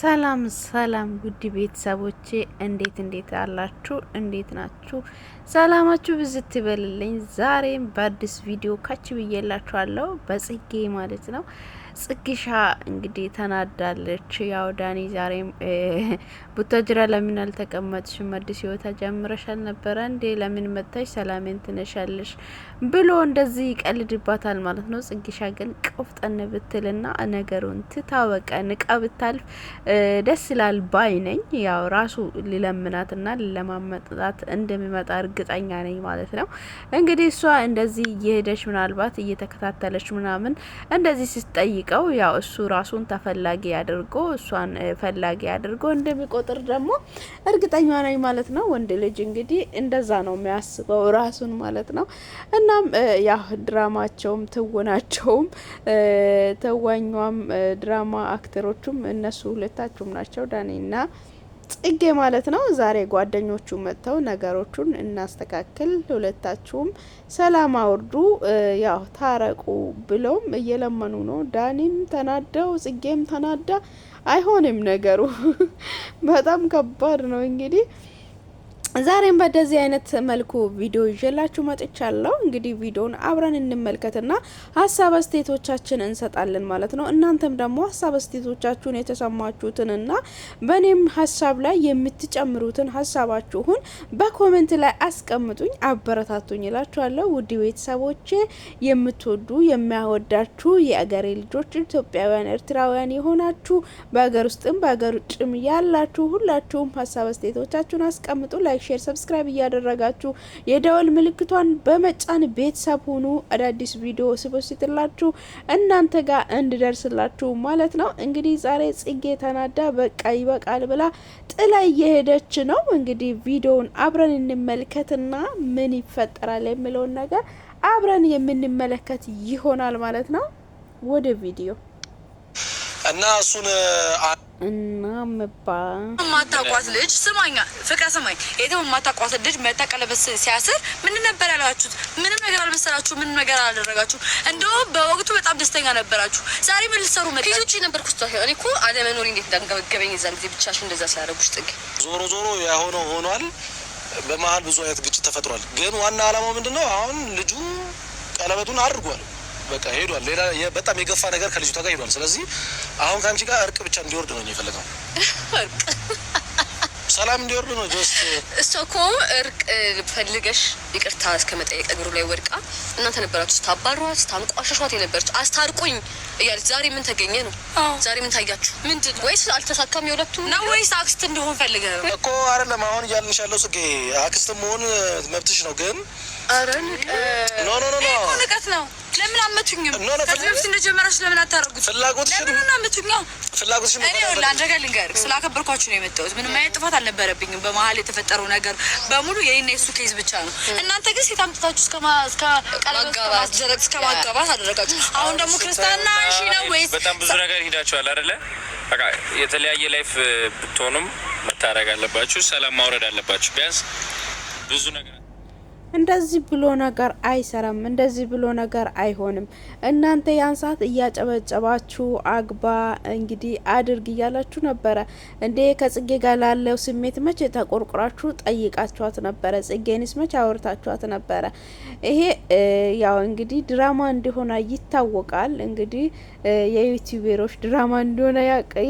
ሰላም ሰላም ውድ ቤተሰቦቼ እንዴት እንዴት አላችሁ? እንዴት ናችሁ? ሰላማችሁ ብዝት ይበልልኝ። ዛሬም በአዲስ ቪዲዮ ካች ብዬላችኋለሁ፣ በጽጌ ማለት ነው። ጽጌሻ እንግዲህ ተናዳለች። ያው ዳኒ ዛሬም ቡታጅራ ለምን አልተቀመጥሽም? አዲስ ህይወት ጀምረሻል ነበረ እንዴ? ለምን መጥተሽ ሰላሜን ትነሻለሽ? ብሎ እንደዚህ ይቀልድባታል ማለት ነው። ጽጌሻ ግን ቆፍጠን ብትልና ነገሩን ትታወቀ ንቃ ብታልፍ ደስ ይላል ባይ ነኝ። ያው ራሱ ሊለምናትና ሊለማመጣት እንደሚመጣ እርግጠኛ ነኝ ማለት ነው። እንግዲህ እሷ እንደዚህ እየሄደች ምናልባት እየተከታተለች ምናምን እንደዚህ ስትጠይቅ ሲጠይቀው ያው እሱ ራሱን ተፈላጊ አድርጎ እሷን ፈላጊ አድርጎ እንደሚቆጥር ደግሞ እርግጠኛ ነኝ ማለት ነው። ወንድ ልጅ እንግዲህ እንደዛ ነው የሚያስበው ራሱን ማለት ነው። እናም ያው ድራማቸውም ትወናቸውም ተዋኟም ድራማ አክተሮቹም እነሱ ሁለታችሁም ናቸው ዳኔና ጽጌ ማለት ነው። ዛሬ ጓደኞቹ መጥተው ነገሮቹን እናስተካክል፣ ሁለታችሁም ሰላም አውርዱ፣ ያው ታረቁ ብለውም እየለመኑ ነው። ዳኒም ተናደው ጽጌም ተናዳ አይሆንም ነገሩ በጣም ከባድ ነው እንግዲህ ዛሬም በደዚህ አይነት መልኩ ቪዲዮ ይዤላችሁ መጥቻለሁ። እንግዲህ ቪዲዮን አብረን እንመልከትና ሀሳብ አስተያየቶቻችን እንሰጣለን ማለት ነው። እናንተም ደግሞ ሀሳብ አስተያየቶቻችሁን የተሰማችሁትንና በእኔም ሀሳብ ላይ የምትጨምሩትን ሀሳባችሁን በኮሜንት ላይ አስቀምጡኝ፣ አበረታቱኝ ይላችኋለሁ። ውድ ቤተሰቦቼ የምትወዱ የሚያወዳችሁ የአገሬ ልጆች ኢትዮጵያውያን፣ ኤርትራውያን የሆናችሁ በሀገር ውስጥም በሀገር ውጭም ያላችሁ ሁላችሁም ሀሳብ አስተያየቶቻችሁን አስቀምጡ ላይ ሼር፣ ሰብስክራይብ እያደረጋችሁ የደወል ምልክቷን በመጫን ቤተሰብ ሁኑ። አዳዲስ ቪዲዮ ስበስትላችሁ እናንተ ጋር እንድደርስላችሁ ማለት ነው። እንግዲህ ዛሬ ጽጌ ተናዳ በቃ ይበቃል ብላ ጥላ እየሄደች ነው። እንግዲህ ቪዲዮውን አብረን እንመልከትና ምን ይፈጠራል የሚለውን ነገር አብረን የምንመለከት ይሆናል ማለት ነው። ወደ ቪዲዮ እና እሱን እና እናም የማታውቋት ልጅ ስማኛ ፍቅር ስማኝ፣ የትም የማታውቋት ልጅ መታ ቀለበት ሲያስር ምን ነበር ያላችሁት? ምንም ነገር አልመሰላችሁ፣ ምንም ነገር አላደረጋችሁ። እንደውም በወቅቱ በጣም ደስተኛ ነበራችሁ። ዛሬ ምን ልትሰሩ መ ቶች ነበር ኩስቷ እኔ እኮ አለመኖሪ እንዴት እንዳንገበገበኝ የዛን ጊዜ ብቻሽ እንደዛ ሲያደረጉች ጥግ ዞሮ ዞሮ የሆነው ሆኗል። በመሀል ብዙ አይነት ግጭት ተፈጥሯል። ግን ዋና አላማው ምንድን ነው? አሁን ልጁ ቀለበቱን አድርጓል። በቃ ሄዷል። ሌላ በጣም የገፋ ነገር ከልጅቷ ጋር ሄዷል። ስለዚህ አሁን ከአንቺ ጋር እርቅ ብቻ እንዲወርድ ነው የፈለገው፣ ሰላም እንዲወርድ ነው። ጀስት እሷ እኮ እርቅ ፈልገሽ ይቅርታ እስከ መጠየቅ እግሩ ላይ ወድቃ እናንተ ነበራችሁ ስታባሯት፣ ስታንቋሸሿት የነበረች አስታርቁኝ እያለች ዛሬ ምን ተገኘ ነው? ዛሬ ምን ታያችሁ? ምንድን ወይስ አልተሳካም? የሁለቱ ነው ወይስ አክስት እንደሆን ፈልገ ነው እኮ አይደለም። አሁን እያልንሽ ያለው ጽጌ አክስት መሆን መብትሽ ነው፣ ግን ኧረ ንቀት ነው ለምን አመቱኝም? ከዚህ በፊት እንደጀመራችሁ ለምን አታረጉት? ለምን አመቱኛ? እኔ አንድ ነገር ልንገርህ፣ ስላከበርኳችሁ ነው የመጣሁት። ምንም አይነት ጥፋት አልነበረብኝም። በመሀል የተፈጠረው ነገር በሙሉ የኔና የሱ ኬዝ ብቻ ነው። እናንተ ግን ሴት አምጥታችሁ እስከ ማስደረግ እስከ ማጋባት አደረጋችሁ። አሁን ደግሞ ክርስትና እሺ ነው ወይስ? በጣም ብዙ ነገር ሄዳችኋል አይደለ? በቃ የተለያየ ላይፍ ብትሆኑም መታረግ አለባችሁ። ሰላም ማውረድ አለባችሁ ቢያንስ ብዙ ነገር እንደዚህ ብሎ ነገር አይሰራም፣ እንደዚህ ብሎ ነገር አይሆንም። እናንተ ያን ሰዓት እያጨበጨባችሁ አግባ እንግዲህ አድርግ እያላችሁ ነበረ እንዴ? ከጽጌ ጋር ላለው ስሜት መቼ ተቆርቁራችሁ ጠይቃችኋት ነበረ? ጽጌንስ መቼ አውርታችኋት ነበረ? ይሄ ያው እንግዲህ ድራማ እንደሆነ ይታወቃል። እንግዲህ የዩቲዩበሮች ድራማ እንደሆነ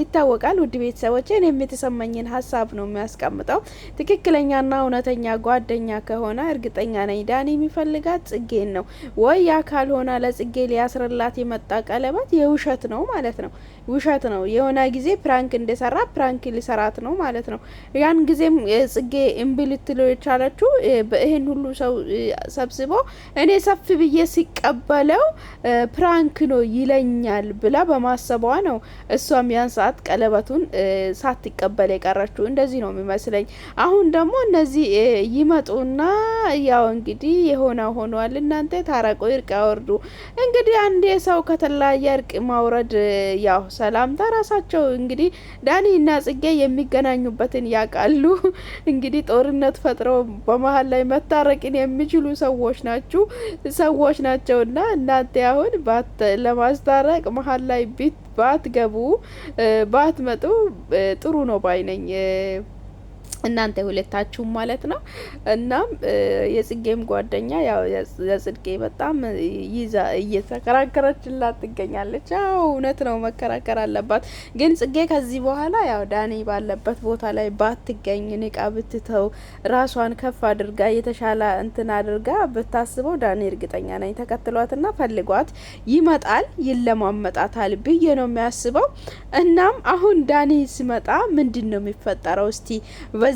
ይታወቃል። ውድ ቤተሰቦች እኔም የተሰማኝን ሀሳብ ነው የሚያስቀምጠው። ትክክለኛና እውነተኛ ጓደኛ ከሆነ እርግጠኛ ነኝ ዳኒ የሚፈልጋት ጽጌን ነው ወይ ያ ካልሆነ ለጽጌ ሊያስርላት የመጣ ቀለበት የውሸት ነው ማለት ነው። ውሸት ነው። የሆነ ጊዜ ፕራንክ እንደሰራ ፕራንክ ሊሰራት ነው ማለት ነው። ያን ጊዜም ጽጌ እምቢ ልትለው የቻለችው ይህን ሁሉ ሰው ሰብስቦ እኔ ሰፍ ብዬ ሲቀበለው ፕራንክ ነው ይለኛል ብላ በማሰቧ ነው። እሷም ያን ሰዓት ቀለበቱን ሳትቀበል የቀረችው እንደዚህ ነው የሚመስለኝ። አሁን ደግሞ እነዚህ ይመጡና ያው እንግዲህ የሆነ ሆኗል። እናንተ ታረቆ ይርቅ ያወርዱ። እንግዲህ አንዴ ሰው ከተለያየ እርቅ ማውረድ ያው ሰላምታ ራሳቸው እንግዲህ ዳኒ እና ጽጌ የሚገናኙበትን ያውቃሉ። እንግዲህ ጦርነት ፈጥረው በመሀል ላይ መታረቅን የሚችሉ ሰዎች ናችሁ ሰዎች ናቸው እና እናንተ አሁን ለማስታረቅ መሀል ላይ ቢት ባትገቡ ባትመጡ ጥሩ ነው ባይነኝ እናንተ ሁለታችሁም ማለት ነው። እናም የጽጌም ጓደኛ ያው የጽድቄ በጣም ይዛ እየተከራከረችላት ትገኛለች። ያው እውነት ነው መከራከር አለባት። ግን ጽጌ ከዚህ በኋላ ያው ዳኒ ባለበት ቦታ ላይ ባትገኝ፣ ንቃ ብትተው፣ ራሷን ከፍ አድርጋ የተሻለ እንትን አድርጋ ብታስበው ዳኔ እርግጠኛ ነኝ ተከትሏትና ፈልጓት ይመጣል፣ ይለማመጣታል ብዬ ነው የሚያስበው። እናም አሁን ዳኒ ሲመጣ ምንድን ነው የሚፈጠረው እስቲ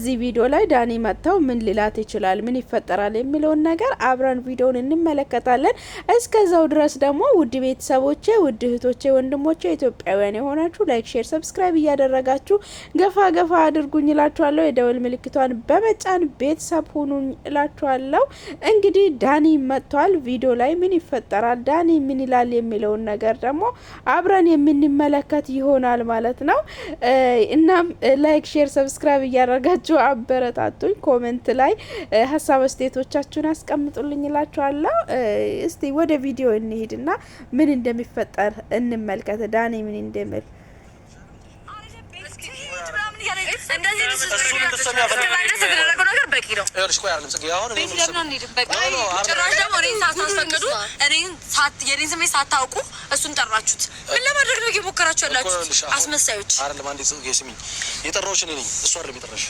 በዚህ ቪዲዮ ላይ ዳኒ መጥተው ምን ሊላት ይችላል፣ ምን ይፈጠራል የሚለውን ነገር አብረን ቪዲዮውን እንመለከታለን። እስከዛው ድረስ ደግሞ ውድ ቤተሰቦቼ፣ ውድ እህቶቼ፣ ወንድሞቼ ኢትዮጵያውያን የሆናችሁ ላይክ፣ ሼር፣ ሰብስክራይብ እያደረጋችሁ ገፋ ገፋ አድርጉኝ እላችኋለሁ። የደወል ምልክቷን በመጫን ቤተሰብ ሁኑኝ እላችኋለሁ። እንግዲህ ዳኒ መጥቷል። ቪዲዮ ላይ ምን ይፈጠራል፣ ዳኒ ምን ይላል የሚለውን ነገር ደግሞ አብረን የምንመለከት ይሆናል ማለት ነው። እናም ላይክ፣ ሼር፣ ሰብስክራይብ እያደረጋችሁ እያላችሁ አበረታቱኝ። ኮመንት ላይ ሀሳብ አስተያየቶቻችሁን አስቀምጡልኝ እላችኋለሁ። እስቲ ወደ ቪዲዮ እንሄድና ምን እንደሚፈጠር እንመልከት። ዳኔ ምን እንደምል እንደዚህ የምንሄደው? ቤት የኔን ስሜት ሳታውቁ እሱን ጠራችሁት። ምን ለማድረግ ነው እየሞከራችሁ ያላችሁት? አስመሳዮች። የጠራሁሽ እኔ ነኝ፣ እሱ አይደለም የጠራሽ።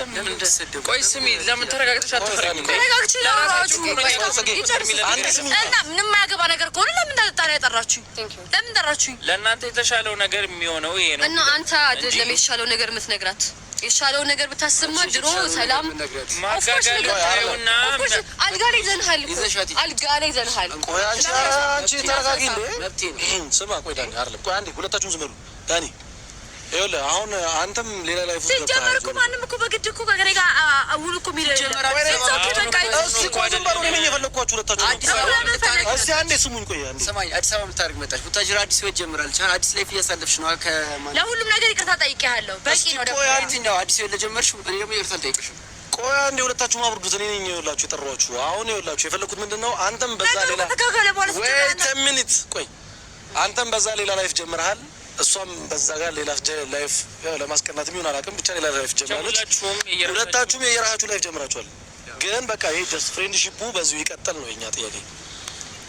ምንም የማያገባ ነገር ከሆነ ለምን ታዲያ ጠራችሁኝ? ለምን ጠራችሁኝ? ለእናንተ የተሻለው ነገር የሚሆነው ይሄ ነው እና አንተ አይደለም ነገር የምትነግራት የሻለው ነገር ብታስማ ድሮ ሰላም አልጋ ላይ ዘንሃል አልጋ ላይ ዘንሃል። ሁለታችሁም ዝም በሉ ዳኒ። ይኸውልህ አሁን አንተም ሌላ ላይ ሲጀመር እኮ ማንም እኮ በግድ እኮ ከእኔ ጋር ውሉ እኮ የሚለው የለም። በቃ ዝም በሉ። እኔ ነኝ የፈለግኳችሁ ሁለታችሁ እስኪ አንዴ ስሙን ቆይ አንዴ ስማኝ። አዲስ አበባ የምታደርግ መጣች። ቡታጅራ አዲስ ህይወት ጀምራለች። አዲስ ላይፍ እያሳለፍሽ ነው። ለሁሉም ነገር ይቅርታ ጠይቄሃለሁ። በቂ ነው። ደግሞ ቆይ አንቺ ነው አዲስ ህይወት ለጀመርሽው፣ እኔ ደግሞ ይቅርታ አልጠይቅሽም። ቆይ አንዴ ሁለታችሁም አብርዱት። እኔ ነኝ ይኸውላችሁ የጠራኋችሁ። አሁን ይኸውላችሁ የፈለኩት ምንድን ነው አንተም በዛ ሌላ ሚኒት ቆይ አንተም በዛ ሌላ ላይፍ ጀምረሃል እሷም በዛ ጋር ሌላ ላይፍ ለማስቀናት የሚሆን አላውቅም፣ ብቻ ሌላ ላይፍ ጀምራለች። ሁለታችሁም የየራሳችሁ ላይፍ ጀምራችኋል። ግን በቃ ይሄ ጀስት ፍሬንድሺፑ በዚሁ ይቀጥል ነው የኛ ጥያቄ።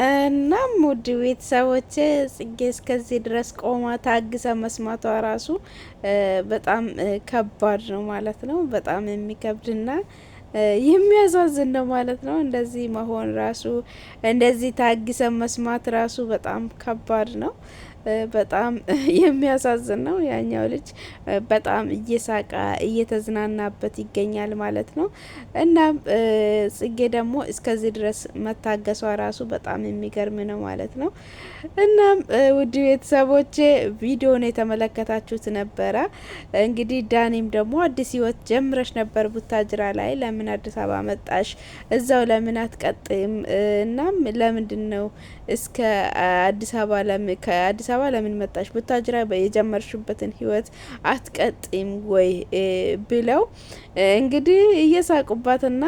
እናም ውድ ቤተሰቦች ጽጌ እስከዚህ ድረስ ቆማ ታግሰ መስማቷ ራሱ በጣም ከባድ ነው ማለት ነው። በጣም የሚከብድና የሚያሳዝን ነው ማለት ነው። እንደዚህ መሆን ራሱ እንደዚህ ታግሰ መስማት ራሱ በጣም ከባድ ነው። በጣም የሚያሳዝን ነው። ያኛው ልጅ በጣም እየሳቃ እየተዝናናበት ይገኛል ማለት ነው። እናም ጽጌ ደግሞ እስከዚህ ድረስ መታገሷ ራሱ በጣም የሚገርም ነው ማለት ነው። እናም ውድ ቤተሰቦቼ ቪዲዮን የተመለከታችሁት ነበረ። እንግዲህ ዳኒም ደግሞ አዲስ ህይወት ጀምረሽ ነበር ቡታጅራ ላይ ለምን አዲስ አበባ መጣሽ? እዛው ለምን አትቀጥም? እናም ለምንድን ነው እስከ አዲስ አበባ አበባ ለምን መጣሽ? ቡታጅራ የጀመርሽበትን ህይወት አትቀጥም ወይ ብለው እንግዲህ እየሳቁባትና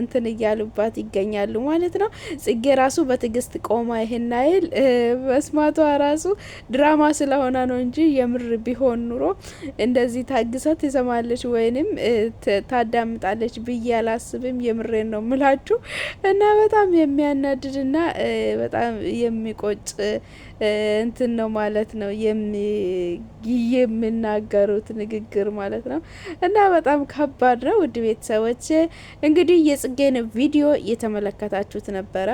እንትን እያሉባት ይገኛሉ ማለት ነው። ጽጌ ራሱ በትግስት ቆማ ይህን አይል መስማቷ ራሱ ድራማ ስለሆነ ነው እንጂ የምር ቢሆን ኑሮ እንደዚህ ታግሳ ትሰማለች ወይንም ታዳምጣለች ብዬ አላስብም። የምሬን ነው ምላችሁ እና በጣም የሚያናድድና በጣም የሚቆጭ እንትን ነው ማለት ነው የሚናገሩት ንግግር ማለት ነው። እና በጣም ከባድ ነው። ውድ ቤተሰቦች እንግዲህ የጽጌን ቪዲዮ እየተመለከታችሁት ነበረ።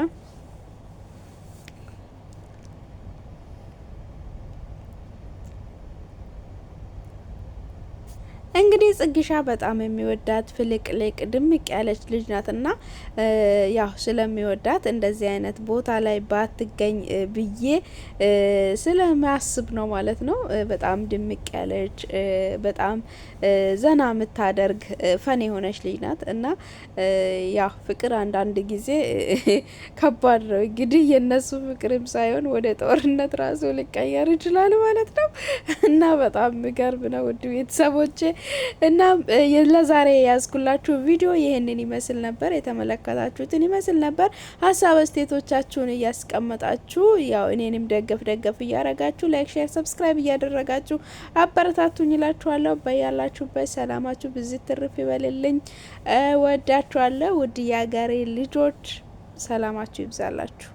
ጽጊሻ በጣም የሚወዳት ፍልቅልቅ ድምቅ ያለች ልጅ ናትና ያው ስለሚወዳት እንደዚህ አይነት ቦታ ላይ ባትገኝ ብዬ ስለሚያስብ ነው ማለት ነው። በጣም ድምቅ ያለች በጣም ዘና የምታደርግ ፈን የሆነች ልጅ ናት እና ያው ፍቅር አንዳንድ ጊዜ ከባድ ነው እንግዲህ የእነሱ ፍቅርም ሳይሆን ወደ ጦርነት ራሱ ሊቀየር ይችላል ማለት ነው እና በጣም ምገርም ነው ውድ ቤተሰቦቼ እና ለዛሬ ያዝኩላችሁ ቪዲዮ ይህንን ይመስል ነበር። የተመለከታችሁትን ይመስል ነበር። ሀሳብ አስተያየቶቻችሁን እያስቀመጣችሁ ያው እኔንም ደገፍ ደገፍ እያረጋችሁ ላይክ፣ ሼር፣ ሰብስክራይብ እያደረጋችሁ አበረታቱኝ ይላችኋለሁ። በያላችሁበት ሰላማችሁ ብዝት ትርፍ ይበልልኝ። ወዳችኋለሁ። ውድ የአገሬ ልጆች ሰላማችሁ ይብዛላችሁ።